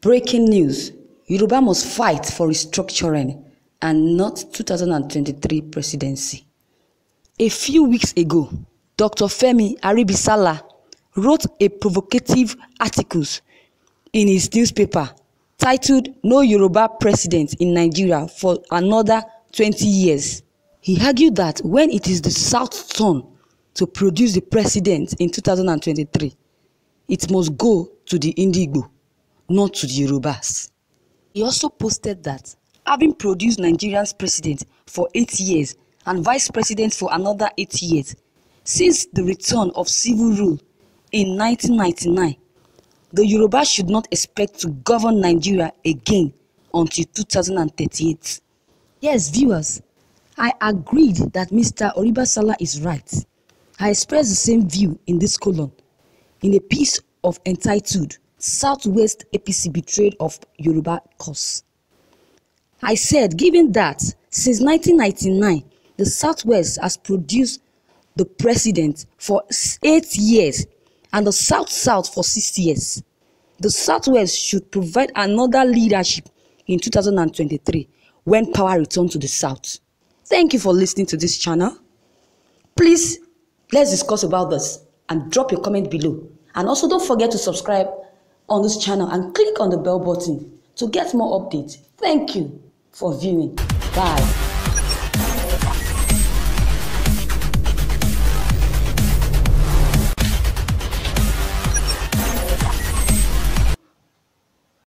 Breaking news: Yoruba must fight for restructuring and not 2023 presidency. A few weeks ago, Dr. Femi Arabisala wrote a provocative article in his newspaper titled No Yoruba President in Nigeria for Another 20 Years. He argued that when it is the South turn to produce the president in 2023, it must go to the Indigo. not to the Yorubas. He also posted that, having produced Nigerians president for eight years and vice president for another eight years, since the return of civil rule in 1999, the Yoruba should not expect to govern Nigeria again until 2038. Yes, viewers, I agreed that Mr. Oribasala is right. I expressed the same view in this column in a piece of entitled Southwest APC betrayed of Yoruba cause. I said, given that since 1999, the Southwest has produced the president for eight years and the South South for six years. The Southwest should provide another leadership in 2023 when power returns to the South. Thank you for listening to this channel. Please, let's discuss about this and drop your comment below. And also don't forget to subscribe on this channel and click on the bell button to get more updates. Thank you for viewing. Bye.